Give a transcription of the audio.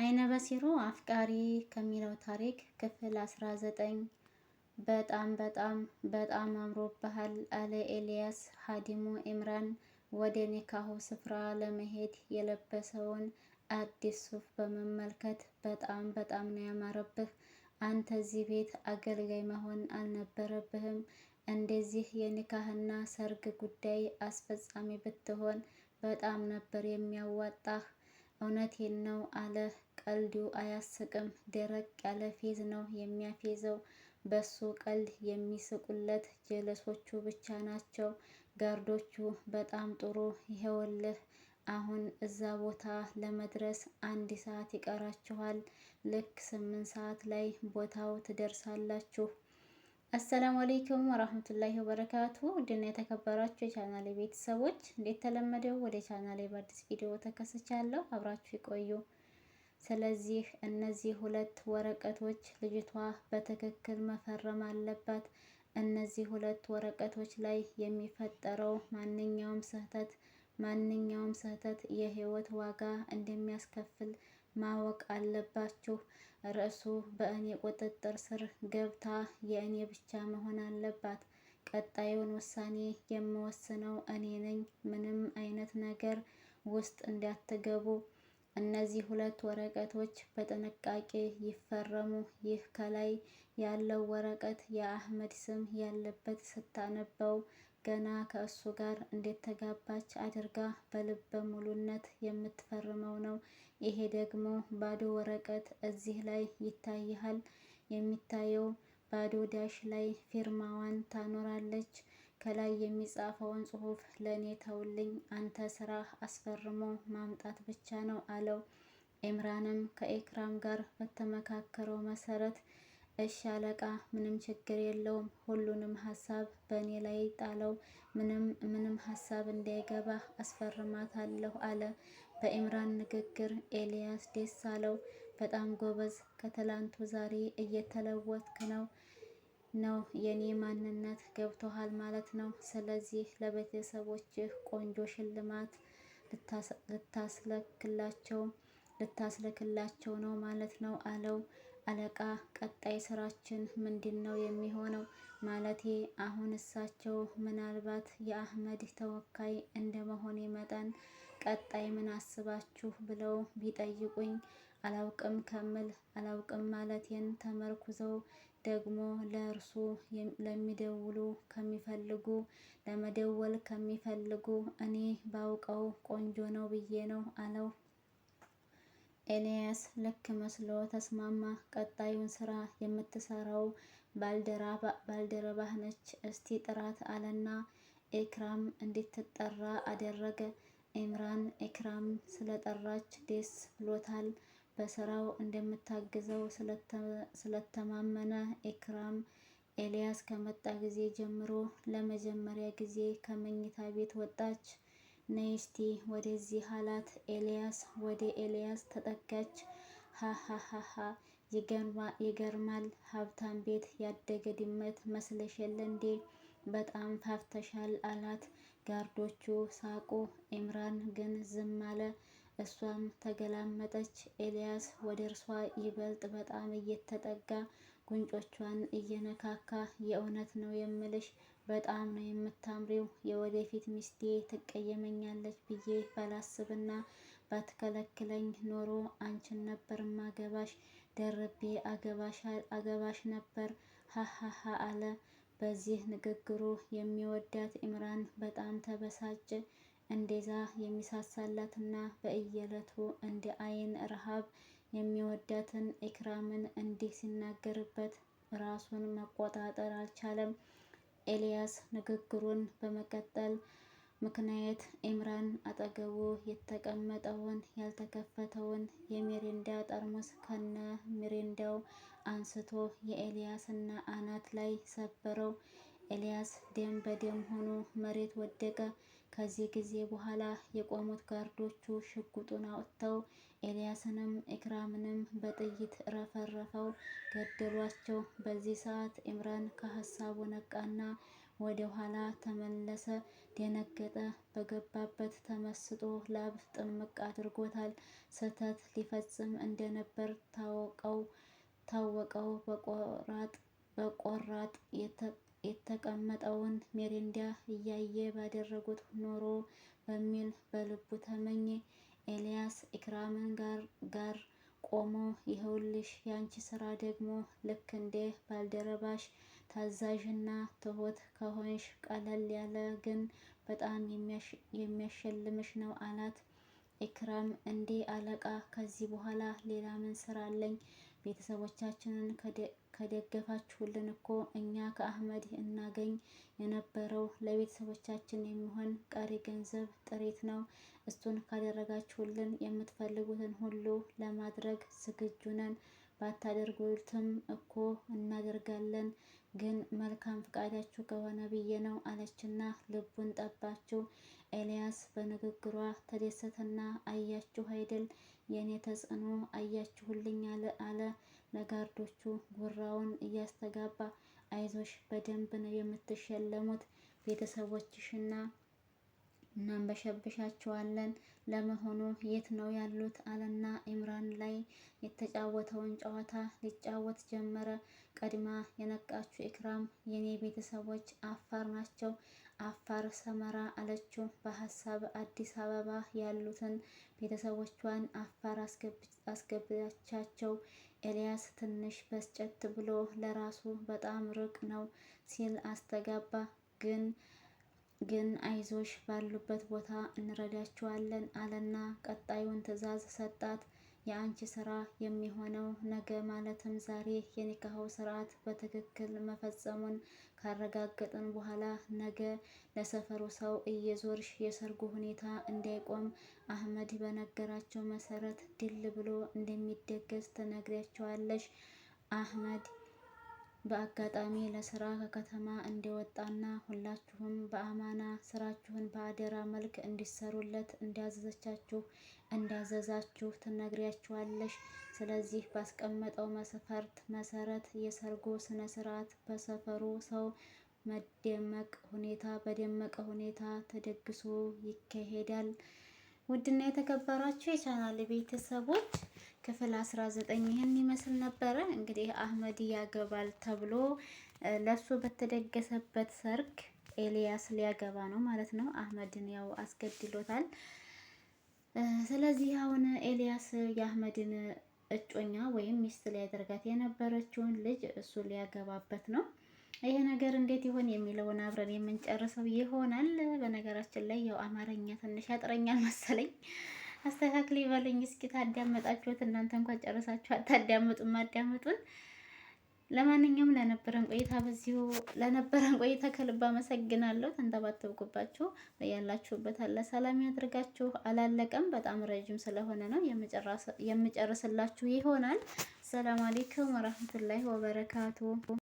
አይነ በሲሩ አፍቃሪ ከሚለው ታሪክ ክፍል 19 በጣም በጣም በጣም አምሮብሃል አለ ኤልያስ። ሀዲሙ ኢምራን ወደ ኒካሁ ስፍራ ለመሄድ የለበሰውን አዲስ ሱፍ በመመልከት በጣም በጣም ነው ያማረብህ፣ አንተ እዚህ ቤት አገልጋይ መሆን አልነበረብህም። እንደዚህ የኒካህና ሰርግ ጉዳይ አስፈጻሚ ብትሆን በጣም ነበር የሚያዋጣህ። እውነቴን ነው አለ ቀልዱ አያስቅም፣ ደረቅ ያለ ፌዝ ነው የሚያፌዘው። በሱ ቀልድ የሚስቁለት ጀለሶቹ ብቻ ናቸው ጋርዶቹ። በጣም ጥሩ ይኸውልህ፣ አሁን እዛ ቦታ ለመድረስ አንድ ሰዓት ይቀራችኋል። ልክ ስምንት ሰዓት ላይ ቦታው ትደርሳላችሁ። አሰላሙ አሌይኩም ወራህመቱላሂ ወበረካቱ። ውድና የተከበራችሁ የቻናሌ ቤተሰቦች እንዴት ተለመደው ወደ ቻናሌ በአዲስ ቪዲዮ ተከስቻለሁ። አብራችሁ ይቆዩ። ስለዚህ እነዚህ ሁለት ወረቀቶች ልጅቷ በትክክል መፈረም አለባት። እነዚህ ሁለት ወረቀቶች ላይ የሚፈጠረው ማንኛውም ስህተት ማንኛውም ስህተት የህይወት ዋጋ እንደሚያስከፍል ማወቅ አለባችሁ። ርዕሱ በእኔ ቁጥጥር ስር ገብታ የእኔ ብቻ መሆን አለባት። ቀጣዩን ውሳኔ የምወስነው እኔ ነኝ። ምንም አይነት ነገር ውስጥ እንዳትገቡ እነዚህ ሁለት ወረቀቶች በጥንቃቄ ይፈረሙ። ይህ ከላይ ያለው ወረቀት የአህመድ ስም ያለበት ስታነበው ገና ከእሱ ጋር እንደተጋባች አድርጋ በልበ ሙሉነት የምትፈርመው ነው። ይሄ ደግሞ ባዶ ወረቀት እዚህ ላይ ይታይሃል። የሚታየው ባዶ ዳሽ ላይ ፊርማዋን ታኖራለች። ከላይ የሚጻፈውን ጽሑፍ ለእኔ ተውልኝ፣ አንተ ስራ አስፈርሞ ማምጣት ብቻ ነው አለው። ኤምራንም ከኤክራም ጋር በተመካከረው መሰረት እሺ አለቃ፣ ምንም ችግር የለውም፣ ሁሉንም ሀሳብ በእኔ ላይ ጣለው፣ ምንም ምንም ሀሳብ እንዳይገባ አስፈርማታለሁ አለ። በኤምራን ንግግር ኤልያስ ደስ አለው። በጣም ጎበዝ፣ ከትላንቱ ዛሬ እየተለወጥክ ነው ነው የኔ ማንነት ገብቶሃል ማለት ነው። ስለዚህ ለቤተሰቦችህ ቆንጆ ሽልማት ልታስለክላቸው ልታስለክላቸው ነው ማለት ነው አለው። አለቃ ቀጣይ ስራችን ምንድን ነው የሚሆነው? ማለቴ አሁን እሳቸው ምናልባት የአህመድ ተወካይ እንደመሆኔ መጠን ቀጣይ ምን አስባችሁ ብለው ቢጠይቁኝ አላውቅም ከምል አላውቅም ማለቴን ተመርኩዘው ደግሞ ለእርሱ ለሚደውሉ ከሚፈልጉ ለመደወል ከሚፈልጉ እኔ ባውቀው ቆንጆ ነው ብዬ ነው አለው። ኤልያስ ልክ መስሎ ተስማማ። ቀጣዩን ስራ የምትሰራው ባልደረባህ ነች፣ እስቲ ጥራት አለና ኤክራም እንድትጠራ አደረገ። ኤምራን ኤክራም ስለጠራች ደስ ብሎታል። በስራው እንደምታግዘው ስለተማመነ ኤክራም ኤልያስ ከመጣ ጊዜ ጀምሮ ለመጀመሪያ ጊዜ ከመኝታ ቤት ወጣች። ነይስቲ ወደዚህ አላት። ኤልያስ ወደ ኤልያስ ተጠጋች። ሀሀሀሀ ይገርማል፣ ሀብታም ቤት ያደገ ድመት መስለሽ የለ እንዴ? በጣም ፋፍተሻል አላት። ጋርዶቹ ሳቁ። ኢምራን ግን ዝም አለ። እሷም ተገላመጠች። ኤልያስ ወደ እርሷ ይበልጥ በጣም እየተጠጋ ጉንጮቿን እየነካካ የእውነት ነው የምልሽ በጣም ነው የምታምሪው። የወደፊት ሚስቴ ትቀየመኛለች ብዬ ባላስብና ባትከለክለኝ ኖሮ አንቺን ነበር ማገባሽ፣ ደርቤ አገባሽ ነበር ሀሀሀ አለ። በዚህ ንግግሩ የሚወዳት ኢምራን በጣም ተበሳጭ። እንደዛ የሚሳሳላትና በእየለቱ እንደ አይን ረሃብ የሚወዳትን ኢክራምን እንዲህ ሲናገርበት ራሱን መቆጣጠር አልቻለም። ኤልያስ ንግግሩን በመቀጠል ምክንያት ኢምራን አጠገቡ የተቀመጠውን ያልተከፈተውን የሚሪንዳ ጠርሙስ ከነ ሚሪንዳው አንስቶ የኤልያስና አናት ላይ ሰበረው። ኤልያስ ደም በደም ሆኖ መሬት ወደቀ። ከዚህ ጊዜ በኋላ የቆሙት ጋርዶቹ ሽጉጡን አውጥተው ኤልያስንም ኢክራምንም በጥይት ረፈረፈው ገደሏቸው። በዚህ ሰዓት ኢምራን ከሀሳቡ ነቃና ወደ ኋላ ተመለሰ። ደነገጠ። በገባበት ተመስጦ ላብ ጥምቅ አድርጎታል። ስህተት ሊፈጽም እንደነበር ታወቀው ታወቀው በቆራጥ በቆራጥ የተቀመጠውን ሜሬንዳ እያየ ባደረጉት ኖሮ በሚል በልቡ ተመኘ። ኤልያስ ኢክራምን ጋር ቆሞ ይኸውልሽ ያንቺ ስራ ደግሞ ልክ እንደ ባልደረባሽ ታዛዥና ትሁት ከሆንሽ ቀለል ያለ ግን በጣም የሚያሸልምሽ ነው አላት። ኢክራም እንዴ አለቃ፣ ከዚህ በኋላ ሌላ ምን ስራ አለኝ? ቤተሰቦቻችንን ከደገፋችሁልን እኮ እኛ ከአህመድ እናገኝ የነበረው ለቤተሰቦቻችን የሚሆን ቀሪ ገንዘብ ጥሪት ነው። እሱን ካደረጋችሁልን የምትፈልጉትን ሁሉ ለማድረግ ዝግጁ ነን። ባታደርጉትም እኮ እናደርጋለን። ግን መልካም ፈቃዳችሁ ከሆነ ብዬ ነው አለችና ልቡን ጠባችው። ኤልያስ በንግግሯ ተደሰተና አያችሁ አይደል የእኔ ተጽዕኖ አያችሁልኝ አለ ለጋርዶቹ ጉራውን እያስተጋባ አይዞሽ በደንብ ነው የምትሸለሙት ቤተሰቦችሽና እናንበሸብሻችኋለን ለመሆኑ የት ነው ያሉት አለና ኢምራን ላይ የተጫወተውን ጨዋታ ሊጫወት ጀመረ ቀድማ የነቃችሁ ኢክራም የኔ ቤተሰቦች አፋር ናቸው አፋር ሰመራ አለችው። በሀሳብ አዲስ አበባ ያሉትን ቤተሰቦቿን አፋር አስገብቻቸው። ኤልያስ ትንሽ በስጨት ብሎ ለራሱ በጣም ርቅ ነው ሲል አስተጋባ። ግን ግን አይዞሽ ባሉበት ቦታ እንረዳቸዋለን። አለና ቀጣዩን ትዕዛዝ ሰጣት። የአንቺ ስራ የሚሆነው ነገ ማለትም ዛሬ የኒካሁ ስርዓት በትክክል መፈጸሙን ካረጋገጥን በኋላ ነገ ለሰፈሩ ሰው እየዞርሽ የሰርጉ ሁኔታ እንዳይቆም አህመድ በነገራቸው መሰረት ድል ብሎ እንደሚደገስ ትነግሪያቸዋለሽ። አህመድ በአጋጣሚ ለስራ ከከተማ እንደወጣና ሁላችሁም በአማና ስራችሁን በአደራ መልክ እንዲሰሩለት እንዳዘዘቻችሁ እንዳዘዛችሁ ትነግሪያችኋለሽ። ስለዚህ ባስቀመጠው መስፈርት መሰረት የሰርጉ ስነ ስርዓት በሰፈሩ ሰው መደመቅ ሁኔታ በደመቀ ሁኔታ ተደግሶ ይካሄዳል። ውድና የተከበራችሁ የቻናል ቤተሰቦች ክፍል 19 ይህን ይመስል ነበረ። እንግዲህ አህመድ ያገባል ተብሎ ለሱ በተደገሰበት ሰርግ ኤልያስ ሊያገባ ነው ማለት ነው። አህመድን ያው አስገድሎታል። ስለዚህ አሁን ኤልያስ የአህመድን እጮኛ ወይም ሚስት ሊያደርጋት የነበረችውን ልጅ እሱ ሊያገባበት ነው። ይሄ ነገር እንዴት ይሆን የሚለውን አብረን የምንጨርሰው ይሆናል። በነገራችን ላይ ያው አማርኛ ትንሽ ያጥረኛል መሰለኝ፣ አስተካክል ይበለኝ እስኪ። ታዳመጣችሁት እናንተ እንኳን ጨርሳችሁ አታዳምጡም አዳምጡን። ለማንኛውም ለነበረን ቆይታ በዚሁ ለነበረን ቆይታ ከልብ አመሰግናለሁ። ተንተባተብኩባችሁ። ያላችሁበት አለ ሰላም ያድርጋችሁ። አላለቀም፣ በጣም ረጅም ስለሆነ ነው የምጨርስላችሁ ይሆናል። ሰላም አሌይኩም ወራህመቱላሂ ወበረካቱ።